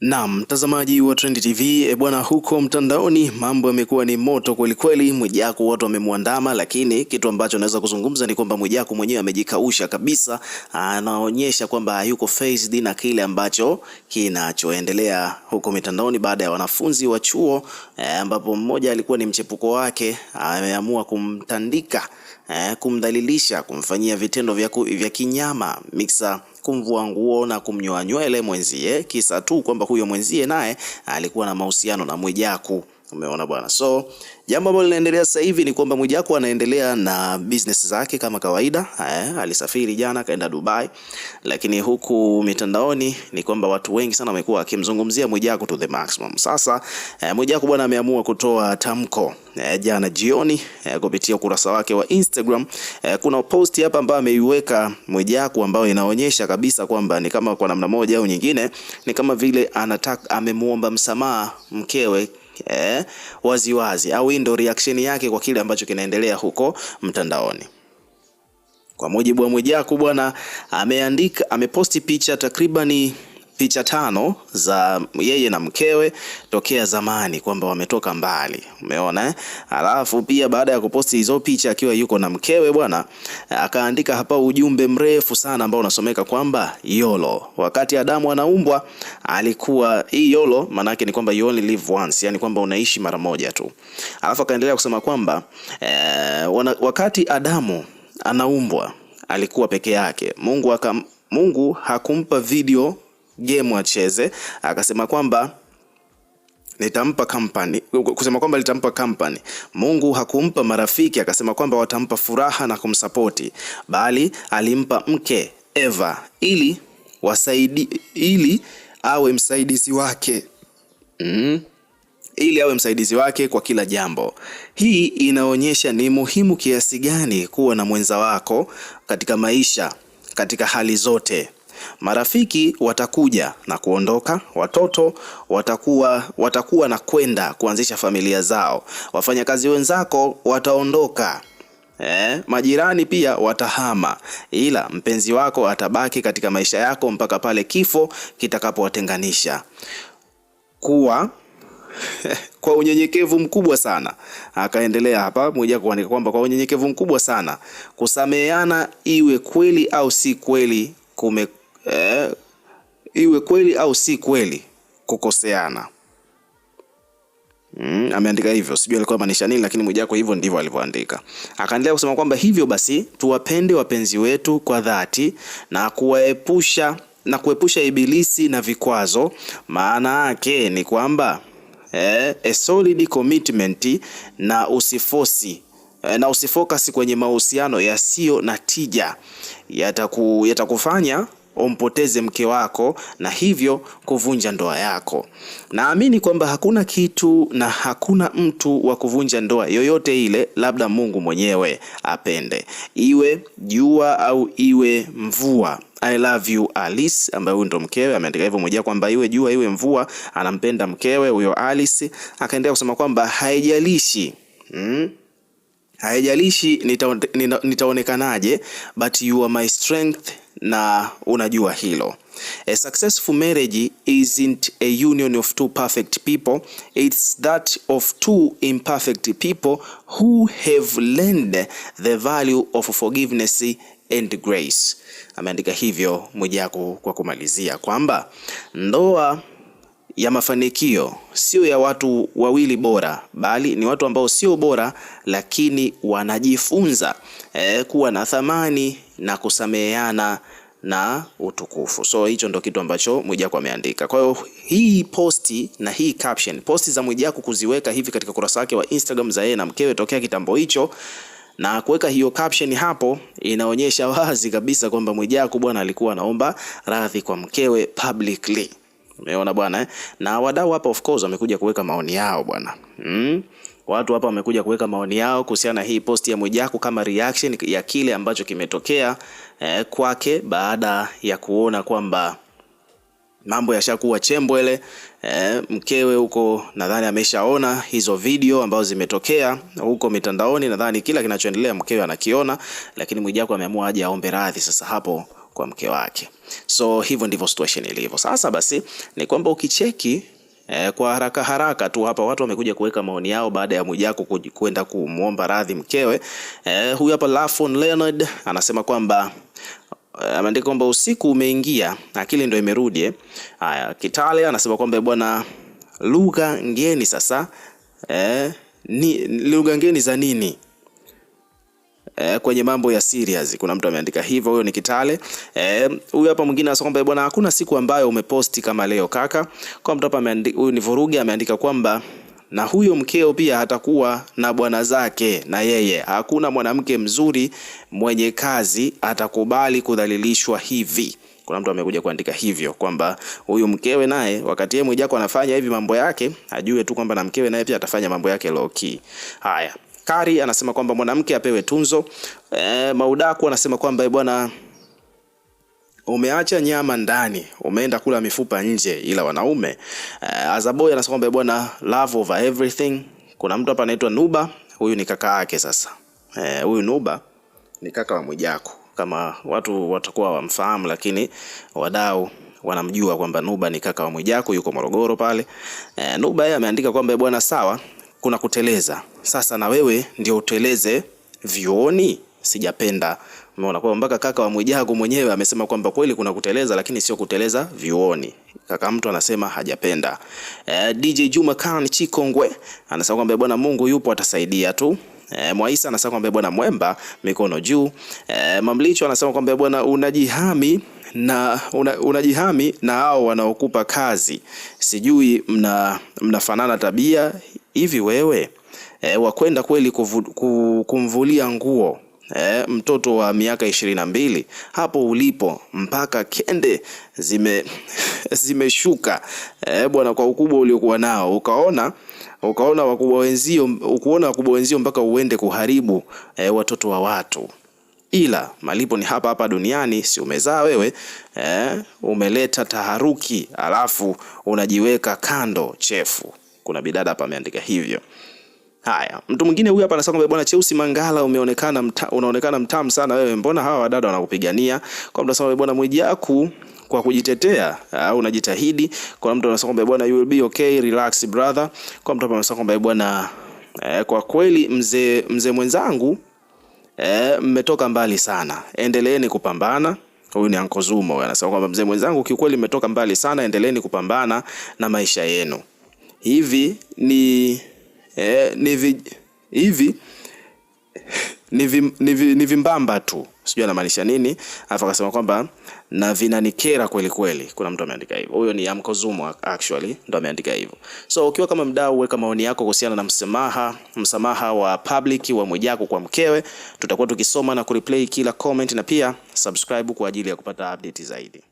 Na mtazamaji wa Trend TV, eh, bwana, huko mtandaoni mambo yamekuwa ni moto kwelikweli. Mwijaku watu wamemwandama, lakini kitu ambacho naweza kuzungumza ni kwamba Mwijaku mwenyewe amejikausha kabisa, anaonyesha kwamba hayuko phased na kile ambacho kinachoendelea huko mitandaoni, baada ya wanafunzi wa chuo eh, ambapo mmoja alikuwa ni mchepuko wake ameamua kumtandika eh, kumdhalilisha, kumfanyia vitendo vya, ku, vya kinyama Mixer kumvua nguo na kumnyoa nywele mwenzie, kisa tu kwamba huyo mwenzie naye alikuwa na mahusiano na Mwijaku. Umeona bwana. So jambo ambalo linaendelea sasa hivi ni kwamba Mwijaku anaendelea na business zake kama kawaida. Haya, eh, alisafiri jana akaenda Dubai, lakini huku mitandaoni ni kwamba watu wengi sana wamekuwa akimzungumzia Mwijaku to the maximum. Sasa eh, Mwijaku bwana ameamua kutoa tamko eh, jana jioni eh, kupitia ukurasa wake wa Instagram eh, kuna post hapa ambayo ameiweka Mwijaku ambayo inaonyesha kabisa kwamba ni kama kwa namna moja au nyingine ni kama vile anataka amemuomba msamaha mkewe eh, waziwazi au hii ndio reaction yake kwa kile ambacho kinaendelea huko mtandaoni. Kwa mujibu wa Mwijaku bwana, ameandika ameposti picha takribani picha tano za yeye na mkewe tokea zamani, kwamba wametoka mbali, umeona eh? Alafu pia baada ya kuposti hizo picha akiwa yuko na mkewe bwana, akaandika hapa ujumbe mrefu sana ambao unasomeka kwamba YOLO, wakati Adamu anaumbwa alikuwa hii YOLO, maana yake ni kwamba you only live once, yani kwamba unaishi mara moja tu. Alafu akaendelea kusema kwamba eh, wakati Adamu anaumbwa alikuwa peke yake, Mungu, haka, Mungu hakumpa video game acheze, akasema kwamba nitampa company, kusema kwamba litampa company. Mungu hakumpa marafiki, akasema kwamba watampa furaha na kumsapoti, bali alimpa mke Eva ili wasaidi, ili awe msaidizi wake mm, ili awe msaidizi wake kwa kila jambo. Hii inaonyesha ni muhimu kiasi gani kuwa na mwenza wako katika maisha katika hali zote. Marafiki watakuja na kuondoka, watoto watakuwa, watakuwa na kwenda kuanzisha familia zao, wafanyakazi wenzako wataondoka eh, majirani pia watahama, ila mpenzi wako atabaki katika maisha yako mpaka pale kifo kitakapowatenganisha. Kuwa kwa unyenyekevu mkubwa sana akaendelea hapa Mwijaku kuandika kwamba kwa unyenyekevu mkubwa sana kusameheana, iwe kweli au si kweli, kume eh, iwe kweli au si kweli kukoseana. Mm, ameandika hivyo, sijui alikuwa maanisha nini, lakini Mwijaku hivyo ndivyo alivyoandika. Akaendelea kusema kwamba hivyo basi tuwapende wapenzi wetu kwa dhati na kuwaepusha na kuepusha ibilisi na vikwazo. Maana yake ni kwamba eh, a solid commitment na usifosi eh, na usifokasi kwenye mahusiano yasiyo na tija yataku, yatakufanya umpoteze mke wako na hivyo kuvunja ndoa yako. Naamini kwamba hakuna kitu na hakuna mtu wa kuvunja ndoa yoyote ile, labda Mungu mwenyewe apende, iwe jua au iwe mvua. I love you Alice, ambaye huyu ndo mkewe ameandika hivyo moja kwamba iwe jua iwe mvua, anampenda mkewe huyo Alice. Akaendelea kusema kwamba haijalishi hmm? haijalishi nitaonekanaje, nita but you are my strength na unajua hilo. A successful marriage isn't a union of two perfect people, it's that of two imperfect people who have learned the value of forgiveness and grace. Ameandika hivyo Mwijaku kwa kumalizia kwamba ndoa ya mafanikio sio ya watu wawili bora, bali ni watu ambao sio bora, lakini wanajifunza e, kuwa na thamani na kusameheana na utukufu. So hicho ndo kitu ambacho Mwijaku ameandika. Kwa hiyo hii posti na hii caption, posti za Mwijaku kuziweka hivi katika kurasa wake wa Instagram za yeye na mkewe tokea kitambo hicho na kuweka hiyo caption hapo, inaonyesha wazi kabisa kwamba Mwijaku bwana alikuwa anaomba radhi kwa mkewe publicly. Umeona bwana eh? Na wadau hapa of course wamekuja kuweka maoni yao bwana. Mm? Watu hapa wamekuja kuweka maoni yao kuhusiana na hii posti ya Mwijaku kama reaction ya kile ambacho kimetokea eh, kwake baada ya kuona kwamba mambo yashakuwa chembwele eh, mkewe huko nadhani ameshaona hizo video ambazo zimetokea huko mitandaoni. Nadhani kila kinachoendelea mkewe anakiona, lakini Mwijaku ameamua aje aombe radhi sasa hapo kwa mke wake. So hivyo ndivyo situation ilivyo. Sasa basi ni kwamba ukicheki eh, kwa haraka haraka tu hapa watu wamekuja kuweka maoni yao baada ya Mwijaku kwenda kumwomba radhi mkewe. Eh, huyu hapa Lafon Leonard anasema kwamba eh, ameandika kwamba usiku umeingia, akili ndo imerudi. Haya, Kitale anasema kwamba eh, bwana, lugha ngeni sasa eh, ni lugha ngeni za nini? eh, kwenye mambo ya serious. Kuna mtu ameandika hivyo, huyo ni Kitale. Eh, huyu eh, hapa mwingine anasema kwamba bwana, hakuna siku ambayo umeposti kama leo kaka. Kwa mtu hapa ameandika, huyu ni Vuruge ameandika kwamba na huyo mkeo pia atakuwa na bwana zake na yeye. Hakuna mwanamke mzuri mwenye kazi atakubali kudhalilishwa hivi. Kuna mtu amekuja kuandika hivyo kwamba huyu mkewe naye, wakati yeye Mwijaku anafanya hivi mambo yake, ajue tu kwamba na mkewe naye pia atafanya mambo yake low key. Haya. Kari anasema kwamba mwanamke apewe tunzo. E, Maudaku anasema kwamba eh, bwana umeacha nyama ndani, umeenda kula mifupa nje, ila wanaume e, eh, Azaboy anasema kwamba bwana love over everything. Kuna mtu hapa anaitwa Nuba, huyu ni kaka yake sasa. E, huyu Nuba ni kaka wa Mwijaku kama watu watakuwa wamfahamu, lakini wadau wanamjua kwamba Nuba ni kaka wa Mwijaku, yuko Morogoro pale. E, Nuba yeye ameandika kwamba bwana sawa kuna kuteleza. Sasa na wewe ndio uteleze vyuoni, sijapenda. Umeona kwa mpaka kaka wa Mwijaku mwenyewe amesema kwamba kweli kuna kuteleza, lakini sio kuteleza vyuoni. Kaka mtu anasema hajapenda. E, eh, DJ Juma Khan Chikongwe anasema kwamba bwana Mungu yupo atasaidia tu. E, Mwaisa anasema kwamba bwana Mwemba mikono juu. E, Mamlicho anasema kwamba bwana unajihami na una, unajihami na hao wanaokupa kazi, sijui mna mnafanana tabia hivi wewe e, eh, wakwenda kweli kumvulia nguo e, mtoto wa miaka ishirini na mbili hapo ulipo mpaka kende zime zimeshuka e, bwana, kwa ukubwa uliokuwa nao ukaona ukaona wakubwa wenzio ukuona wakubwa wenzio mpaka uende kuharibu e, watoto wa watu ila malipo ni hapa hapa duniani. Si umezaa wewe eh? Umeleta taharuki, alafu unajiweka kando chefu. Kuna bidada hapa ameandika hivyo. Haya, mtu mwingine huyu hapa anasema kwamba bwana Cheusi Mangala umeonekana mta, unaonekana mtamu sana wewe, mbona hawa wadada wanakupigania? Kwa mtu anasema bwana Mwijaku kwa kujitetea au ah, unajitahidi. Kwa mtu anasema kwamba bwana you will be okay, relax brother. Kwa mtu hapa anasema kwamba bwana eh, kwa kweli mzee mzee mwenzangu eh, mmetoka mbali sana, endeleeni kupambana. Huyu ni Anko Zuma anasema kwamba mzee mwenzangu, kiukweli mmetoka mbali sana, endeleeni kupambana na maisha yenu. Hivi ni eh, ni vi, hivi ni vi, ni vimbamba tu, sijui anamaanisha nini. Alafu akasema kwamba na vinanikera kweli kweli. Kuna mtu ameandika hivyo, huyo ni Amkozumo actually ndo ameandika hivyo. So ukiwa kama mdau, weka maoni yako kuhusiana na msamaha msamaha wa public wa Mwijaku kwa mkewe. Tutakuwa tukisoma na kureplay kila comment, na pia subscribe kwa ajili ya kupata update zaidi.